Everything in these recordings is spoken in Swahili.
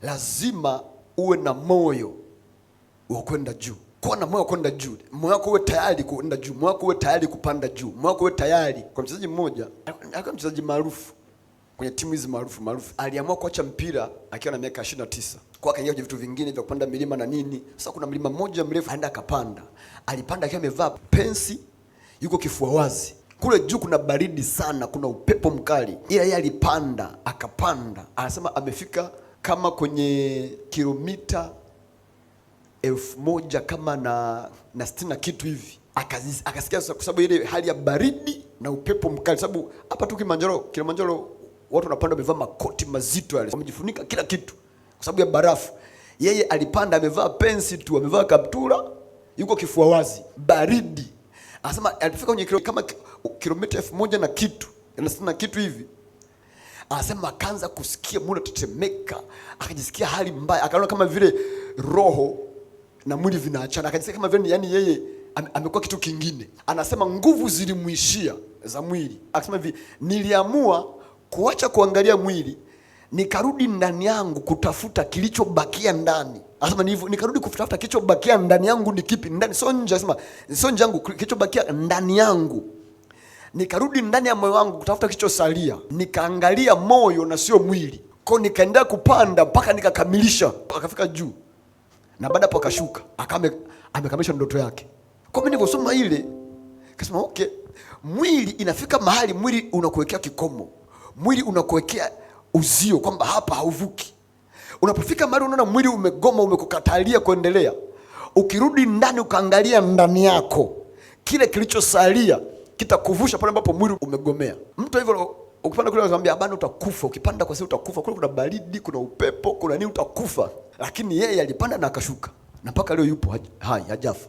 lazima uwe na moyo wa kwenda juu. Kuwa na moyo wa kwenda juu, moyo wako uwe tayari kwenda juu, moyo wako uwe tayari kupanda juu, moyo wako uwe tayari. Kwa mchezaji mmoja, alikuwa mchezaji maarufu kwenye timu hizi maarufu maarufu, aliamua kuacha mpira akiwa na miaka tisa kwa akaingia kwenye vitu vingine vya kupanda milima na nini. Sasa kuna mlima mmoja mrefu, aenda akapanda, alipanda akiwa amevaa pensi, yuko kifua wazi kule juu kuna baridi sana, kuna upepo mkali, ila yeye alipanda akapanda, anasema amefika kama kwenye kilomita elfu moja kama na, na sitini na kitu hivi akasikia, kwa sababu ile hali ya baridi na upepo mkali, sababu hapa tu Kilimanjaro, Kilimanjaro watu wanapanda wamevaa makoti mazito yale, wamejifunika kila kitu kwa sababu ya barafu. Yeye alipanda amevaa pensi tu, amevaa kaptura, yuko kifua wazi, baridi. Anasema alipofika kwenye kama kilomita elfu moja na kitu na sitini na kitu hivi anasema akaanza kusikia mwili unatetemeka, akajisikia hali mbaya, akaona kama vile roho na mwili vinaachana, akajisikia kama vile yani yeye amekuwa kitu kingine. Anasema nguvu zilimwishia za mwili, akasema hivi, niliamua kuacha kuangalia mwili nikarudi ndani yangu kutafuta kilichobakia ndani. Anasema nilivyo, nikarudi kutafuta kilichobakia ndani yangu ni kipi? Ndani sio nje, anasema sio nje yangu, kilichobakia ndani yangu nikarudi ndani ya moyo wangu kutafuta kilichosalia, nikaangalia moyo na sio mwili kwao, nikaendelea kupanda mpaka nikakamilisha, akafika juu na baada hapo akashuka, akame amekamilisha ndoto yake. Kwa mimi nilivyosoma ile kasema okay, mwili inafika mahali mwili unakuwekea kikomo, mwili unakuwekea uzio kwamba hapa hauvuki. Unapofika mahali unaona mwili umegoma, umekukatalia kuendelea, ukirudi ndani ukaangalia ndani yako kile kilichosalia kitakuvusha pale ambapo mwili umegomea. Mtu hivyo ukipanda kule anakuambia bana, utakufa. Ukipanda kwa sababu utakufa, kule kuna baridi, kuna upepo, kuna nini, utakufa. Lakini yeye alipanda na akashuka, na mpaka leo yupo hai, hajafa.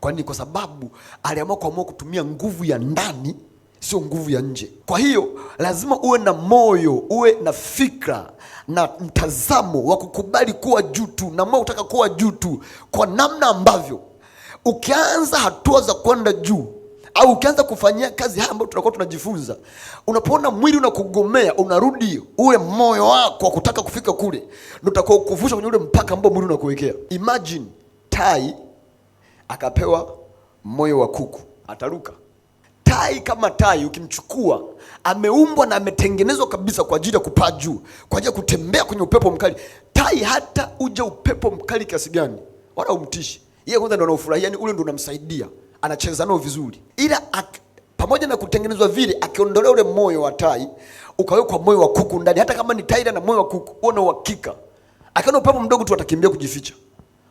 Kwa nini? Kwa sababu aliamua kuamua kutumia nguvu ya ndani, sio nguvu ya nje. Kwa hiyo lazima uwe na moyo, uwe na fikra na mtazamo wa kukubali kuwa juu tu, na moyo utaka kuwa juu tu, kwa namna ambavyo ukianza hatua za kwenda juu au ukianza kufanyia kazi haya ambayo tunakuwa tunajifunza, unapoona mwili unakugomea, unarudi ule moyo wako wa kutaka kufika kule, ndio utakao kwenye ule mpaka ambao mwili unakuwekea. Imagine tai akapewa moyo wa kuku, ataruka. Tai kama tai ukimchukua, ameumbwa na ametengenezwa kabisa kwa ajili ya kupaa juu, kwa ajili ya kutembea kwenye upepo mkali. Tai hata uja upepo mkali kiasi gani, wala umtishi yeye, kwanza ndo anaofurahia, yani ule ndo unamsaidia anacheza nao vizuri, ila pamoja na kutengenezwa vile, akiondolea ule moyo wa tai ukawekwa moyo wa kuku ndani, hata kama ni tai na moyo wa kuku, uone na uhakika, akiona upepo mdogo tu atakimbia kujificha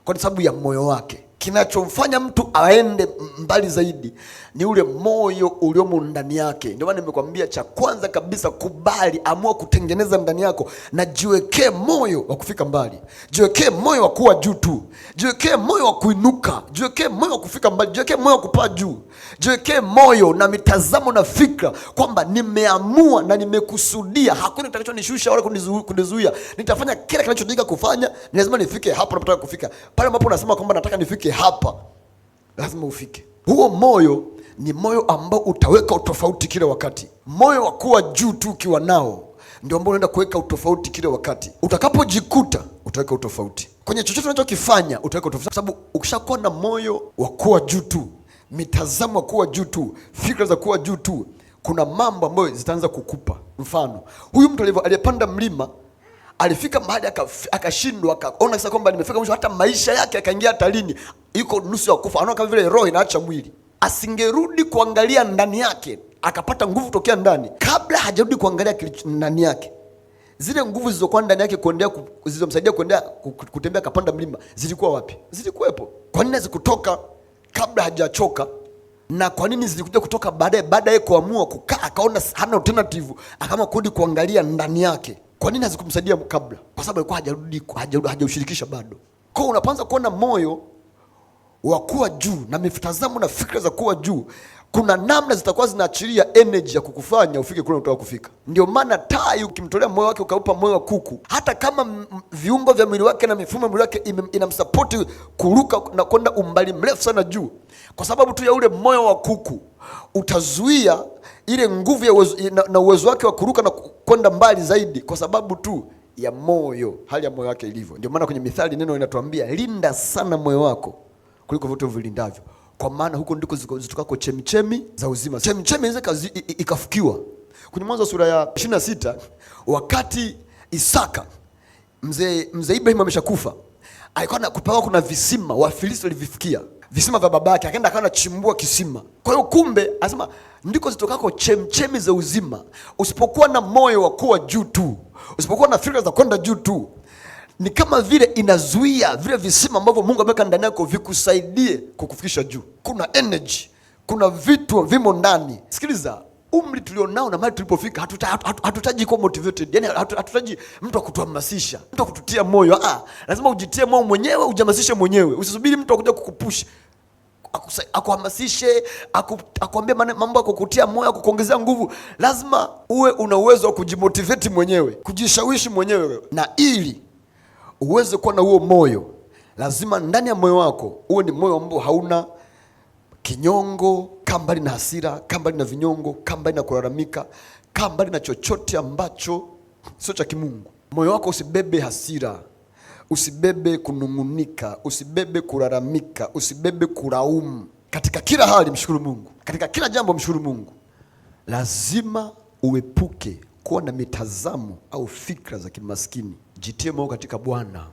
kwa sababu ya moyo wake kinachomfanya mtu aende mbali zaidi ni ule moyo uliomo ndani yake. Ndio maana nimekwambia cha kwanza kabisa, kubali, amua kutengeneza ndani yako, na jiwekee moyo wa kufika mbali, jiwekee moyo wa kuwa juu tu, jiwekee moyo wa kuinuka, jiwekee moyo wa kufika mbali, jiwekee moyo wa kupaa juu, jiwekee moyo na mitazamo na fikra kwamba nimeamua na nimekusudia, hakuna kitakachonishusha wala kunizuia. Nitafanya kila kinachohitajika kufanya, ni lazima nifike hapo napotaka kufika, pale ambapo nasema kwamba nataka nifike ufike hapa, lazima ufike. Huo moyo ni moyo ambao utaweka utofauti kila wakati. Moyo wa kuwa juu tu ukiwa nao ndio ambao unaenda kuweka utofauti kila wakati. Utakapojikuta utaweka utofauti kwenye chochote unachokifanya, utaweka utofauti, sababu ukishakuwa na moyo wa kuwa juu tu, mitazamo ya kuwa juu tu, fikra za kuwa juu tu, kuna mambo ambayo zitaanza kukupa. Mfano, huyu mtu aliyepanda mlima alifika mahali akashindwa, akaona sasa kwamba nimefika mwisho, hata maisha yake akaingia hatarini, yuko nusu ya kufa, anaona kama vile roho inaacha mwili. Asingerudi kuangalia ndani yake akapata nguvu tokea ndani, kabla hajarudi kuangalia ndani yake, zile nguvu zilizokuwa ndani yake kuendea zilizomsaidia kuendea kutembea akapanda mlima zilikuwa wapi? Zilikuwepo. Kwa nini hazikutoka kabla hajachoka? na kwa nini zilikuja kutoka baadaye? Baada ya kuamua kukaa, akaona hana alternative, akaamua kurudi kuangalia ndani yake. Kwa nini hazikumsaidia kabla? Kwa sababu alikuwa hajarudi, hajaushirikisha bado. Kwa hiyo unapoanza kuona moyo wa kuwa juu na mitazamo na fikra za kuwa juu, kuna namna zitakuwa zinaachilia energy ya kukufanya ufike kule unataka kufika. Ndio maana tai ukimtolea moyo wake ukaupa moyo wa kuku, hata kama viungo vya mwili wake na mifumo ya mwili wake inamsapoti kuruka na kwenda umbali mrefu sana juu, kwa sababu tu ya ule moyo wa kuku utazuia ile nguvu na uwezo wake wa kuruka na kwenda mbali zaidi kwa sababu tu ya moyo, hali ya moyo wake ilivyo. Ndio maana kwenye Mithali neno linatuambia linda sana moyo wako kuliko vyote vilindavyo, kwa maana huko ndiko zitokako chemichemi za uzima. Chemchemi inaweza ikafukiwa. Kwenye Mwanzo sura ya 26 wakati Isaka mzee mzee Ibrahim ameshakufa, alikuwa na kuna visima Wafilisti walivifikia visima vya babake, akaenda akawa anachimbua kisima. Kwa hiyo kumbe, anasema ndiko zitokako chemchemi za uzima. Usipokuwa na moyo wa kuwa juu tu, usipokuwa na fikra za kwenda juu tu, ni kama vile inazuia vile visima ambavyo Mungu ameweka ndani yako vikusaidie kukufikisha juu. Kuna energy, kuna vitu vimo ndani. Sikiliza, umri tulionao na mali tulipofika, hatutaji kuwa motivated, yani hatutaji mtu akutuhamasisha, mtu akututia moyo. Ah, lazima ujitie moyo mwenyewe, ujihamasishe mwenyewe, usisubiri mtu akuja kukupush akuhamasishe akuambie akuambia mambo kukutia moyo kukuongezea nguvu. Lazima uwe una uwezo wa kujimotivate mwenyewe, kujishawishi mwenyewe, na ili uweze kuwa na huo moyo, lazima ndani ya moyo wako uwe ni moyo ambao hauna kinyongo Kaa mbali na hasira, kaa mbali na vinyongo, kaa mbali na kulalamika, kaa mbali na chochote ambacho sio cha kimungu. Moyo wako usibebe hasira, usibebe kunung'unika, usibebe kulalamika, usibebe kulaumu. Katika kila hali mshukuru Mungu, katika kila jambo mshukuru Mungu. Lazima uepuke kuwa na mitazamo au fikra za kimaskini. Jitie moyo katika Bwana,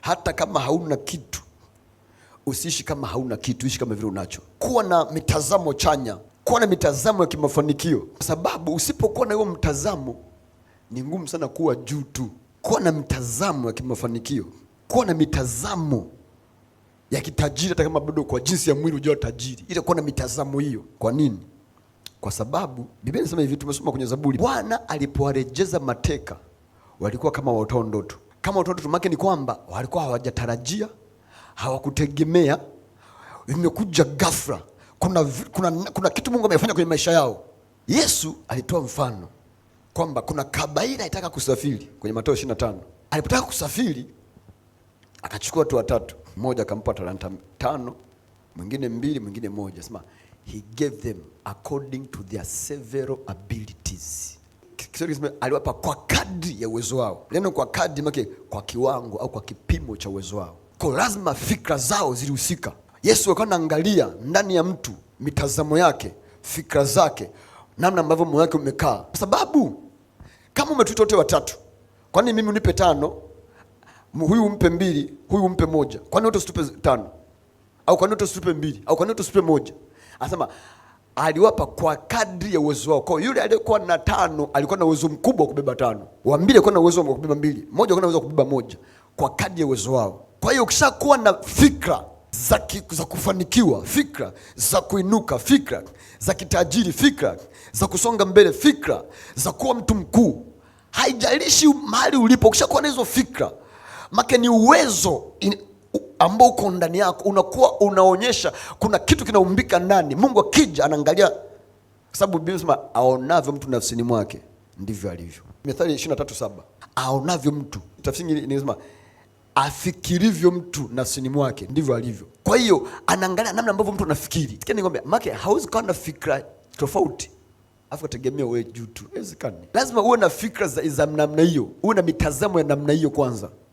hata kama hauna kitu usiishi kama hauna kitu, ishi kama vile unacho kuwa na mitazamo chanya, kuwa na mitazamo ya kimafanikio, kwa sababu usipokuwa na hiyo mtazamo ni ngumu sana kuwa juu tu. Kuwa na mtazamo ya kimafanikio, kuwa na mitazamo ya kitajiri, hata kama bado kwa jinsi ya mwili hujawa tajiri, ila kuwa na mitazamo hiyo. Kwa nini? Kwa sababu Biblia inasema hivi, tumesoma kwenye Zaburi, Bwana alipowarejeza mateka walikuwa kama watoto ndoto. Kama watoto ndoto, maana ni kwamba walikuwa hawajatarajia, hawakutegemea vimekuja ghafla. Kuna, kuna, kuna kitu Mungu amefanya kwenye maisha yao. Yesu alitoa mfano kwamba kuna kabaila aitaka kusafiri kwenye Mathayo tano. Alipotaka kusafiri akachukua watu watatu, mmoja akampa talanta tano, mwingine mbili, mwingine moja. Sema he gave them according to their several abilities. Kisema aliwapa kwa kadri ya uwezo wao. Neno kwa kadri make kwa kiwango au kwa kipimo cha uwezo wao. Kwa lazima fikra zao zilihusika. Yesu alikuwa anaangalia ndani ya mtu, mitazamo yake, fikra zake, namna ambavyo moyo wake umekaa, kwa sababu kama umetuita wote watatu, kwani mimi unipe tano, huyu umpe mbili, huyu umpe moja, kwani wote usitupe tano? Au kwani wote usitupe mbili? Au kwani wote usitupe moja? Anasema aliwapa kwa kadri ya uwezo wao. Kwa hiyo yule aliyekuwa na tano alikuwa na uwezo mkubwa wa kubeba tano, wa mbili alikuwa na uwezo wa kubeba mbili, moja alikuwa na uwezo wa kubeba moja, kwa kadri ya uwezo wao. Kwa hiyo ukishakuwa na fikra za, ki, za kufanikiwa, fikra za kuinuka, fikra za kitajiri, fikra za kusonga mbele, fikra za kuwa mtu mkuu. Haijalishi mahali ulipo, ukishakuwa na hizo fikra, make ni uwezo in, ambao uko ndani yako, unakuwa unaonyesha kuna kitu kinaumbika ndani. Mungu akija anaangalia, sababu Biblia inasema aonavyo mtu nafsini mwake ndivyo alivyo. Mithali 23:7 aonavyo mtu, tafsiri inasema afikirivyo mtu nafsini mwake ndivyo alivyo. Kwa hiyo anaangalia namna ambavyo mtu anafikiri. Sikia nikwambia, maana hauwezi kuwa na fikra tofauti afu kategemea wewe juu tu, haiwezekani. Lazima uwe na fikra za namna hiyo, uwe na mitazamo ya namna hiyo kwanza.